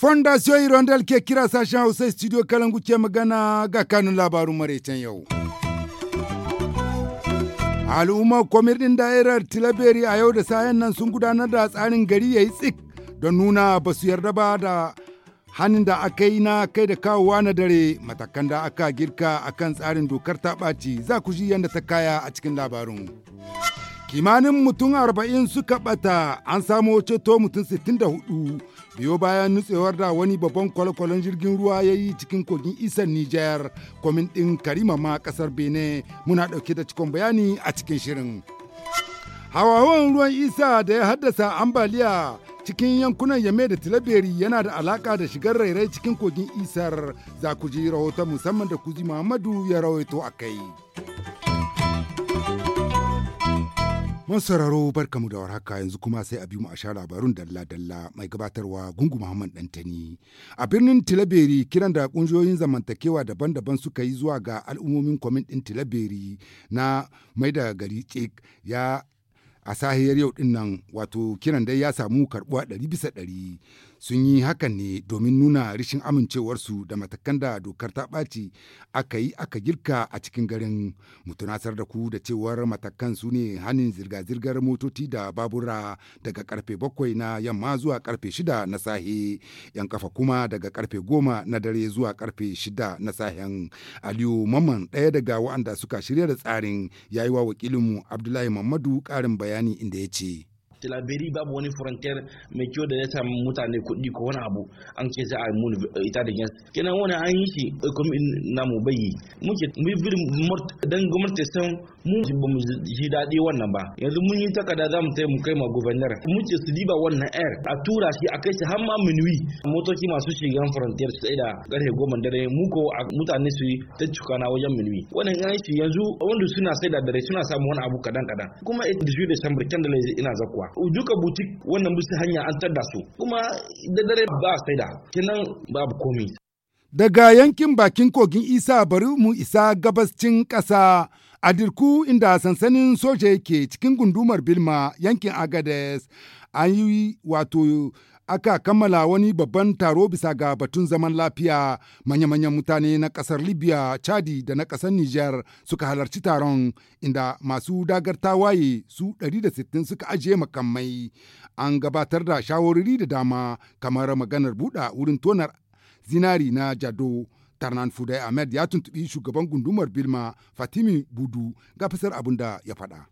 Fondation irondel ke kira sashen Hausa studio Kalangu ke magana ga kanun labarun maraicen yau. al'ummar kwamir da'irar tilaberi a yau da sayan nan sun gudanar da tsarin gari yayi tsik don nuna ba su yarda ba da hannun da aka yi na kai da kawowa na dare matakan da aka girka a kan tsarin dokar ta ɓaci za ku ji yadda ta kaya a cikin labarin. Kimanin mutum arba'in suka ɓata an samo ceto mutum sittin da hudu biyo bayan nutsewar da wani babban kwale jirgin ruwa ya yi cikin kogin isan Nijar kwamin ɗin Karimama ƙasar Benin muna ɗauke da cikon bayani a cikin shirin. hawa ruwan isa da ya haddasa ambaliya cikin yankunan Yame da Tilaberi yana da alaka da shigar rairai cikin kogin Isar za ku ji rahoton musamman da Kuzi Muhammadu ya rawaito a kai. Mun sauraro barkamu da warhaka yanzu kuma sai a bi mu a sha labarun dalla-dalla mai gabatarwa gungu Muhammad Dantani. A birnin Tilaberi kiran da kungiyoyin zamantakewa daban-daban suka yi zuwa ga al'ummomin kwamin ɗin Tilaberi na mai da gari ya a sahiyar yau din wato kiran dai ya samu karbuwa ɗari bisa ɗari sun yi hakan ne domin nuna rashin amincewarsu da matakan da dokar ta ɓaci aka yi aka girka a cikin garin mu da ku da cewar matakan su ne hannun zirga-zirgar motoci da babura daga karfe bakwai na yamma zuwa karfe shida na sahe yan kafa kuma daga karfe goma na dare zuwa karfe shida na sahen aliyu Mamman ɗaya daga waɗanda suka shirya da tsarin ya yi wa wakilinmu abdullahi mamadu ƙarin bayani inda ya ce tilaberi babu wani frontier mai kyau da ya samu mutane kuɗi ko wani abu an ce za a yi mun eh, ita da gens kenan wani an yi shi eh, komin namu bayi muke mivir dan gwamnati san mu ba mu ji daɗi wannan ba yanzu mun yi takarda za mu mu kai ma gubernar mu ce su diba wannan air a tura shi a kai shi har ma minuwi motoci masu shigan frontier su da ƙarfe goma dare mu ko mutane su yi ta cukana wajen minuwi wannan an shi yanzu wanda suna sai da dare suna samun wani abu kadan kadan kuma 18 December candle ina zakuwa duka butik wannan bisa hanya an tada su kuma da dare ba sai da kinan babu komi daga yankin bakin kogin isa bari mu isa gabascin ƙasa a dirku inda sansanin soja yake cikin gundumar bilma yankin agades an yi wato aka kammala wani babban taro bisa ga batun zaman lafiya manya-manyan mutane na kasar libya chadi da na kasar niger suka halarci taron inda masu dagar tawaye su 160 suka ajiye makamai an gabatar da shawarori da dama kamar maganar buɗa wurin tonar zinari na jado tarnan fudai ahmed ya tuntubi shugaban gundumar bilma fatimi budu ga fasar abin da ya faɗa.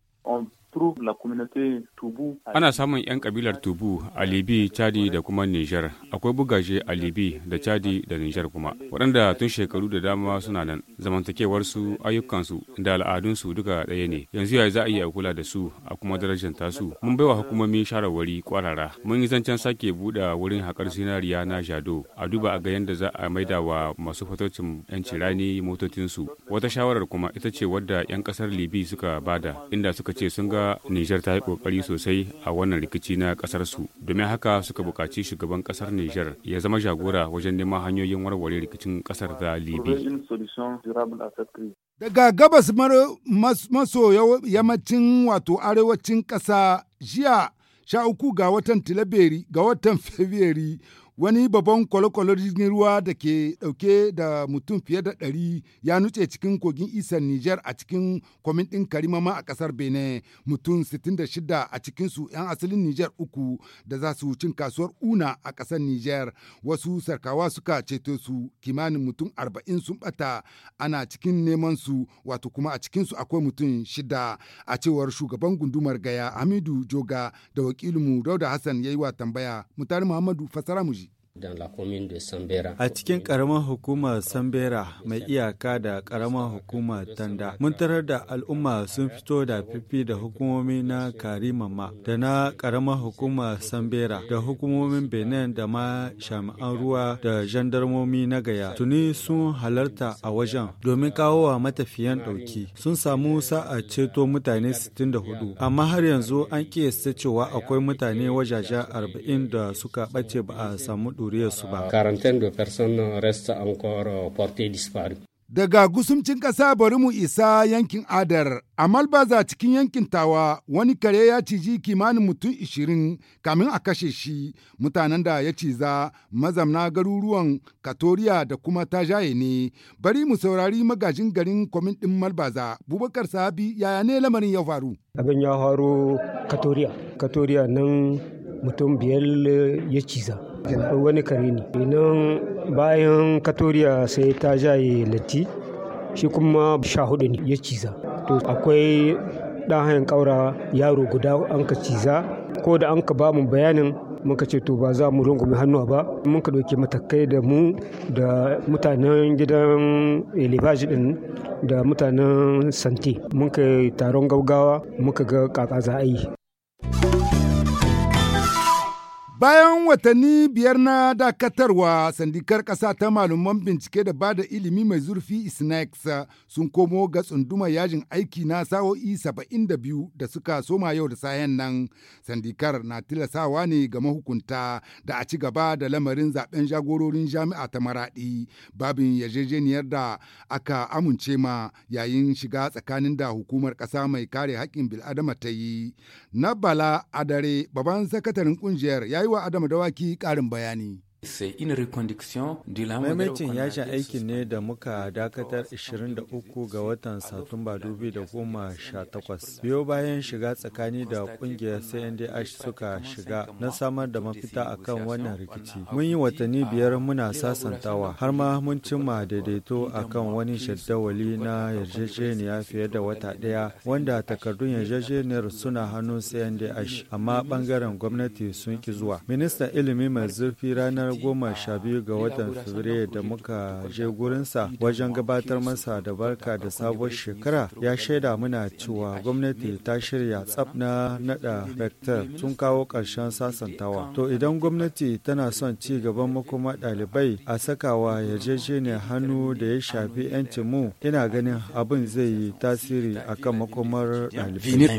Ana samun 'yan kabilar Tubu a Libi, Chadi da kuma Nijar. Akwai bugaje a Libi da Chadi da Nijar kuma. Waɗanda tun shekaru da dama suna nan, zamantakewarsu, ayyukansu da al'adunsu duka ɗaya ne. Yanzu ya za a iya kula da su a kuma darajar su. Mun baiwa hukumomi shawarwari kwarara. Mun yi zancen sake buɗe wurin haƙar zinariya na Jado. A duba a ga yadda za a maida wa masu fatocin 'yanci rani motocinsu. Wata shawarar kuma ita ce wadda 'yan ƙasar Libi suka bada, inda suka ce sun ga ga Nijar ta yi kokari sosai a wannan rikici na kasar su domin haka suka buƙaci shugaban kasar Nijar ya zama jagora wajen neman hanyoyin warware rikicin kasar da Libi. Daga gabas maso yammacin wato arewacin ƙasa jiya sha uku ga watan Tilaberi ga watan Fabrairu wani babban kwalokwalo jirgin ruwa da ke dauke da mutum fiye da ɗari ya nutse cikin kogin isan Nijar a cikin kwamin ɗin Karimama a ƙasar Benin mutum 66 a cikin su 'yan asalin Nijar uku da za su cin kasuwar Una a ƙasar Nijar wasu sarkawa suka ceto su kimanin mutum 40 sun bata ana cikin neman su wato kuma a cikin su akwai mutum shida a cewar shugaban gundumar gaya Hamidu Joga da wakilinmu Dauda Hassan ya yi wa tambaya mutane Muhammadu fasara muji A cikin ƙaramar hukumar Sambera mai iyaka da ƙaramar hukumar Tanda, mun tarar da al'umma sun fito da fifi da hukumomi na Karimama da na ƙaramar hukumar Sambera da hukumomin Benin da ma shami'an ruwa da jandarmomi na gaya. Tuni sun halarta a wajen domin kawo wa matafiyan ɗauki. Sun samu sa'a ceto mutane 64, amma har yanzu an cewa akwai mutane wajajen 40 da suka ɓace ba a samu zuriyarsu ba. Daga gusumcin ƙasa bari mu isa yankin Adar, a Malbaza cikin yankin Tawa wani kare ya ciji kimanin mutum ishirin kamin a kashe shi mutanen da ya ciza mazamna garuruwan Katoriya da kuma Tajaye ne. Bari mu saurari magajin garin kwamin ɗin Malbaza, Bubakar Sabi yaya ne lamarin ya faru? Abin ya faru Katoriya, Katoriya nan mutum biyar ya ciza. wani kare ne nan bayan katoriya sai ta jaye latti shi kuma sha hudu ne ya ciza to akwai dan hayan kaura yaro guda an ka ciza ko da an ka ba mu bayanin muka ce to ba za mu rungume hannuwa ba mun ka ɗauki matakai da mu da mutanen gidan elibaji din da mutanen santi mun ka taron gaugawa muka ga kaka za a yi Bayan watanni biyar na dakatarwa, sandikar ƙasa ta malaman bincike da bada ilimi mai zurfi snacks sun komo ga tsunduma yajin aiki na sa'o'i 72 da suka soma yau da sayan nan. Sandikar na tilasawa ne ga mahukunta da a ci gaba da lamarin zaben jagororin jami'a ta maraɗi. Babin yarjejeniyar da aka amince ma yayin shiga tsakanin da hukumar ƙasa mai kare haƙƙin bil'adama ta yi. Na Bala Adare, babban sakataren ƙungiyar ya wa Adama Dawaki ƙarin bayani. Maimacin yajin aikin ne da muka dakatar 23 ga watan Satumba 2018. Biyo bayan shiga tsakani da kungiyar CNDH suka shiga na samar da mafita akan wannan rikici. Mun yi watanni biyar muna sasantawa har ma mun cimma daidaito akan wani shaddawali na yarjejeniya fiye da wata ɗaya wanda takardun yarjejeniyar suna hannun CNDH amma bangaren gwamnati sun ki zuwa. Ministan ilimi mai zurfi ranar goma sha biyu ga watan Fabrairu da muka je gurinsa wajen gabatar masa da barka da sabuwar shekara ya shaida muna cewa gwamnati ta shirya tsaf na nada rektar sun kawo ƙarshen sasantawa. To idan gwamnati tana son ci gaban makoma ɗalibai a sakawa yarjejeniyar hannu da ya shafi 'yancin mu ina ganin abin zai yi tasiri akan makomar ɗalibai.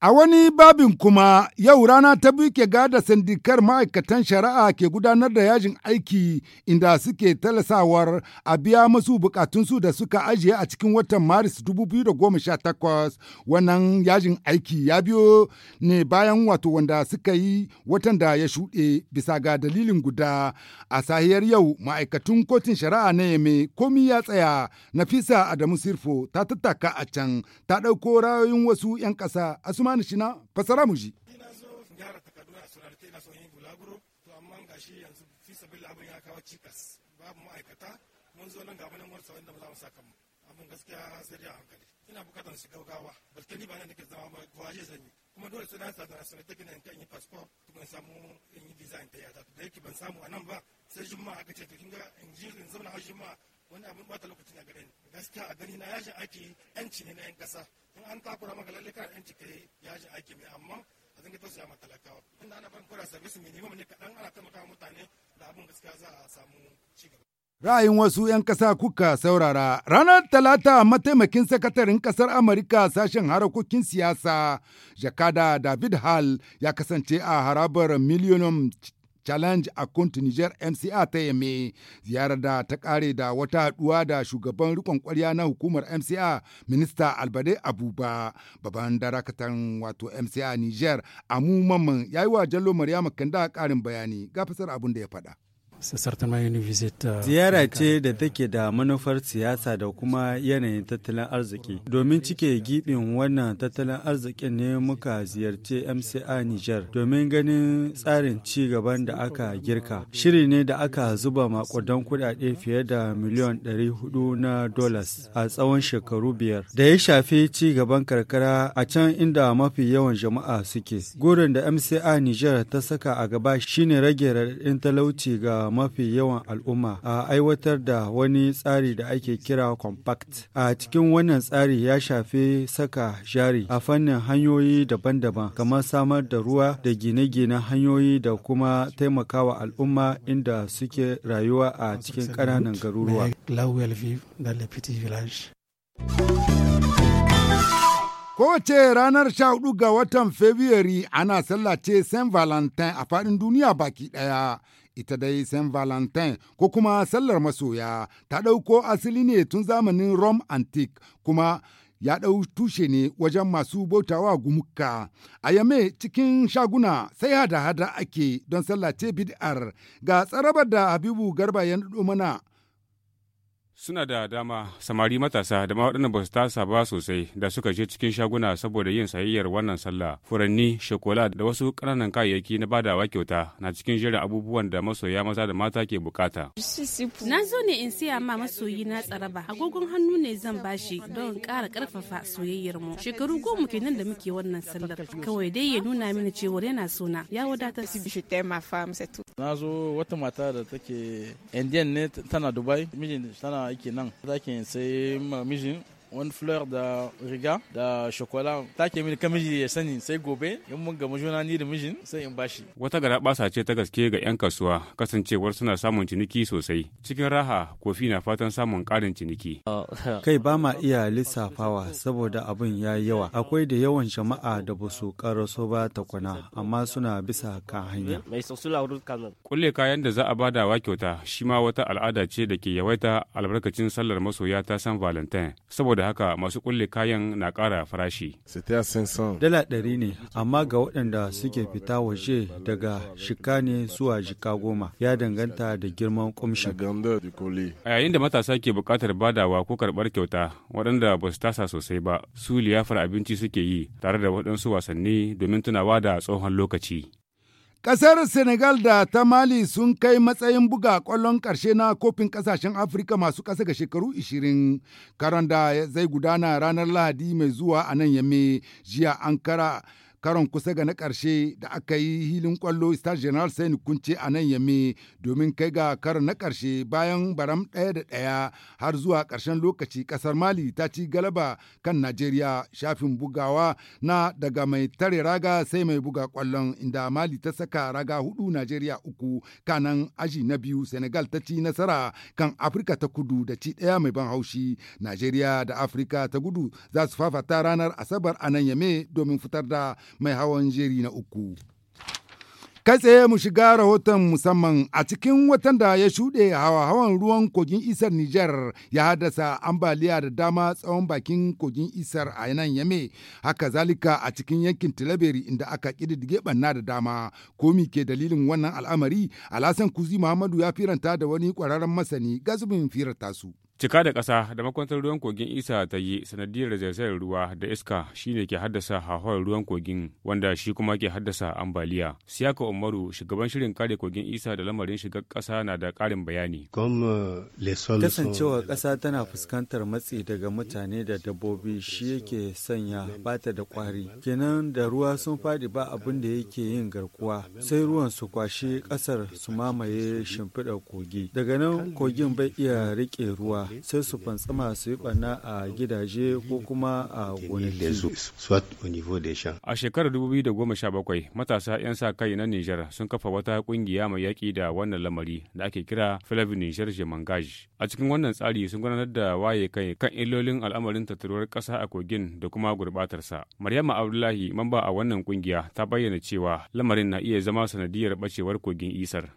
A wani babin kuma yau rana ta buke gada sandikar ma'aikatan shari'a ke gudanar da yajin aiki inda suke talasawar a biya masu bukatunsu da suka ajiye a cikin watan Maris 2018 wannan yajin aiki ya biyo ne bayan wato wanda suka yi watan da ya shuɗe bisa ga dalilin guda a sahiyar yau ma'aikatun kotun shari'a na yame komi ya tsaya Nafisa Adamu Sirfo ta tattaka a can ta ɗauko rayoyin wasu 'yan ƙasa shi na fasara mu ji gyara ya kawo cikas mun zo nan ga wani saka abin gaskiya hankali ina bukatar su gaugawa balke ni ba nan nake zama ba zan kuma dole sai na sa da take nan kan yi passport kuma samu in yi visa in ta da yake ban samu a nan ba sai juma'a aka ce to kinga in ji in zauna har juma'a wani abin bata lokaci na gare ni gaskiya a gani na yajin ake yanci ne na yan kasa in an takura maka lalle kana yanci kai yajin aiki mai amma a zanga tausaya ma talakawa inda ana ban kura service minimum ne kaɗan ana taimaka mutane da abin gaskiya za a samu cigaba. Ra'ayin wasu 'yan ƙasa kuka saurara ranar Talata mataimakin sakataren ƙasar Amurka sashen harakokin siyasa Jakada David Hall ya kasance a harabar miliyonin challenge a Niger MCA ta Yame ziyarar da ta kare da wata haduwa da shugaban rikon kwarya na hukumar MCA minista Albade Abuba baban darakatan wato MCA Niger Amu Mamman yayi wa Jallo Maryama Kanda karin bayani ga fasar abin da ya faɗa. Euh, Ziyara ce da take da manufar siyasa da kuma yanayin tattalin arziki. Domin cike gibin wannan tattalin arziki ne muka ziyarci MCA Niger domin ganin tsarin ci gaban da aka girka. Shiri ne da aka zuba makudan kudade fiye da miliyan 400 na dollars a tsawon shekaru biyar. Da ya shafi ci gaban karkara a can inda mafi yawan jama'a suke. Gurin da MCA Niger ta saka a gaba shine rage raɗaɗin talauci ga mafi yawan al'umma a aiwatar da wani tsari da ake kira compact a cikin wannan tsari ya shafi saka jari a fannin hanyoyi daban-daban kamar samar da ruwa da gine gine hanyoyi da kuma taimakawa al'umma inda suke rayuwa a cikin ƙananan garuruwa Kowace ranar sha hudu ga watan Fabrairu ana sallace Saint Valentine a faɗin duniya baki ɗaya. ita dai Saint valentin ko kuma sallar masoya ta ɗauko asali ne tun zamanin Rome Antique kuma ya ɗau tushe ne wajen masu bautawa gumuka. A yame cikin shaguna sai hada-hada ake don ce bid'ar ga tsarabar da Habibu Garba ya mana Suna da dama samari matasa da ma waɗanda ba su tasa ba sosai da suka je cikin shaguna saboda yin sayayyar wannan sallah. Furanni, shokola da wasu ƙananan kayayyaki na badawa kyauta na cikin jerin abubuwan da masoya maza da mata ke bukata. Na zo ne in siya ma masoyi na tsaraba. Agogon hannu ne zan bashi don ƙara ƙarfafa soyayyar mu. Shekaru goma kenan da muke wannan sallar. Kawai dai ya nuna mini cewa yana sona. Ya wadatar. Na zo wata mata da take Indian ne tana Dubai, mijin tana não, nan é sai mijin wani fleur da riga da shokola take mini kamiji ya sani sai gobe in mun gamu juna ni da mijin sai in bashi wata gara basa ce ta gaske ga yan kasuwa kasancewar suna samun ciniki sosai cikin raha kofi na fatan samun karin ciniki kai ba ma iya lissafawa saboda abin ya yawa akwai da yawan jama'a da ba su karaso ba takwana amma suna bisa kan hanya kulle kayan da za a badawa kyauta shi ma wata al'ada ce da ke yawaita albarkacin sallar masoya ta san valentine saboda saboda haka masu kulle kayan na ƙara farashi. Dala ɗari ne, amma ga waɗanda suke fita waje daga shika ne zuwa shika goma ya danganta da girman kumshin. A yayin da matasa ke buƙatar badawa ko karɓar kyauta waɗanda ba su tasa sosai ba, su liyafar abinci suke yi tare da waɗansu wasanni domin tunawa da tsohon lokaci. Ƙasar Senegal da ta Mali sun kai matsayin buga ƙwallon ƙarshe na kofin ƙasashen Afirka masu ƙasa ga shekaru 20, karon zai gudana ranar Lahadi mai zuwa a nan yamme jiya Ankara. karon kusa ga na karshe da aka yi hilin kwallo star general sai kunce a nan yame domin kai ga karon na karshe bayan baram ɗaya da ɗaya har zuwa karshen lokaci ƙasar mali ta ci galaba kan najeriya shafin bugawa na daga mai tare raga sai mai buga kwallon inda mali ta saka raga hudu najeriya uku kanan aji na biyu senegal ta ci nasara kan afirka ta kudu da ci ɗaya mai ban haushi najeriya da afirka ta gudu za su fafata ranar asabar a nan yame domin fitar da mai hawan jeri na uku. Kai tsaye mu shiga rahoton musamman a cikin watan da ya shuɗe hawa-hawan ruwan kogin isar Nijar ya haddasa ambaliya da dama tsawon bakin kogin isar a nan yame haka zalika a cikin yankin Tilaberi inda aka ƙididdige ɓanna da dama. Komi ke dalilin wannan al'amari, Alhassan Kuzi Muhammadu ya firanta da wani ƙwararren masani gazubin firanta su. Cika da ƙasa da makwantar ruwan kogin Isa ta yi sanadiyar zaizayar ruwa da iska shine ke haddasa hauhawar ruwan kogin wanda shi kuma ke haddasa ambaliya. Siyaka Umaru shugaban shirin kare kogin Isa da lamarin shiga ƙasa na da ƙarin bayani. Euh, Kasancewa ƙasa tana fuskantar euh, matsi daga mutane da dabbobi shi yake sanya bata da kwari Kenan da ruwa sun fadi ba abin da yake yin garkuwa sai ruwan su kwashe ƙasar su mamaye shimfiɗar kogi. Daga nan kogin bai iya riƙe ruwa sai su fantsama su yi ɓanna a gidaje ko kuma a gonaki. A shekarar 2017 matasa 'yan sa kai na Nijar sun kafa wata kungiya mai yaƙi da wannan lamari da ake kira Flavi Nijar Jemangaj. A cikin wannan tsari sun gudanar da waye kai kan illolin al'amarin tattaruwar ƙasa a kogin da kuma gurɓatarsa. Maryama Abdullahi mamba a wannan ƙungiya ta bayyana cewa lamarin na iya zama sanadiyar bacewar kogin Isar.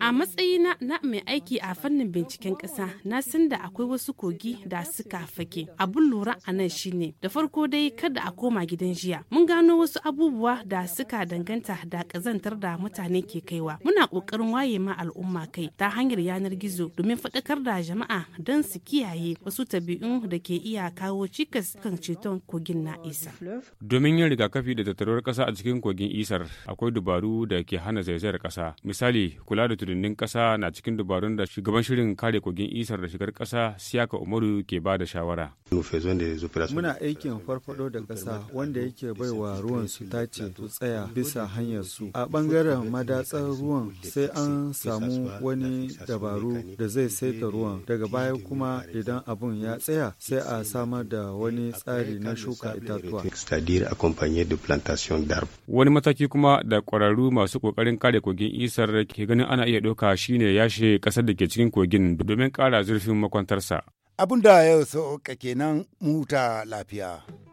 A matsayi na mai aiki a fannin binciken ƙasa na san da da akwai wasu kogi da suka fake abun lura a nan shine da farko dai kada a koma gidan jiya mun gano wasu abubuwa da suka danganta da kazantar da mutane ke kaiwa muna kokarin waye ma al'umma kai ta hanyar yanar gizo domin faɗakar da jama'a don su kiyaye wasu tabi'un da ke iya kawo cikas kan ceton kogin na isa domin yin rigakafi da tattaruwar ƙasa a cikin kogin isar akwai dubaru da ke hana zaizayar kasa misali kula da tudunnin ƙasa na cikin dubarun da shugaban shirin kare kogin isar da shigar ƙasa ƙasa Siyaka Umaru ke ba da shawara. Muna aikin farfado da ƙasa wanda yake baiwa ruwan su tace su tsaya bisa hanyar su. A ɓangaren madatsar ruwan sai an samu wani dabaru da zai saita ruwan daga baya kuma idan abun ya tsaya sai a samar da wani tsari na shuka itatuwa. Wani mataki kuma da ƙwararru masu ƙoƙarin kare kogin isar ke ganin ana iya ɗauka shine yashe ƙasar da ke cikin kogin domin ƙara zurfin makon kwantarsa Abin da ya sauka kenan muta lafiya.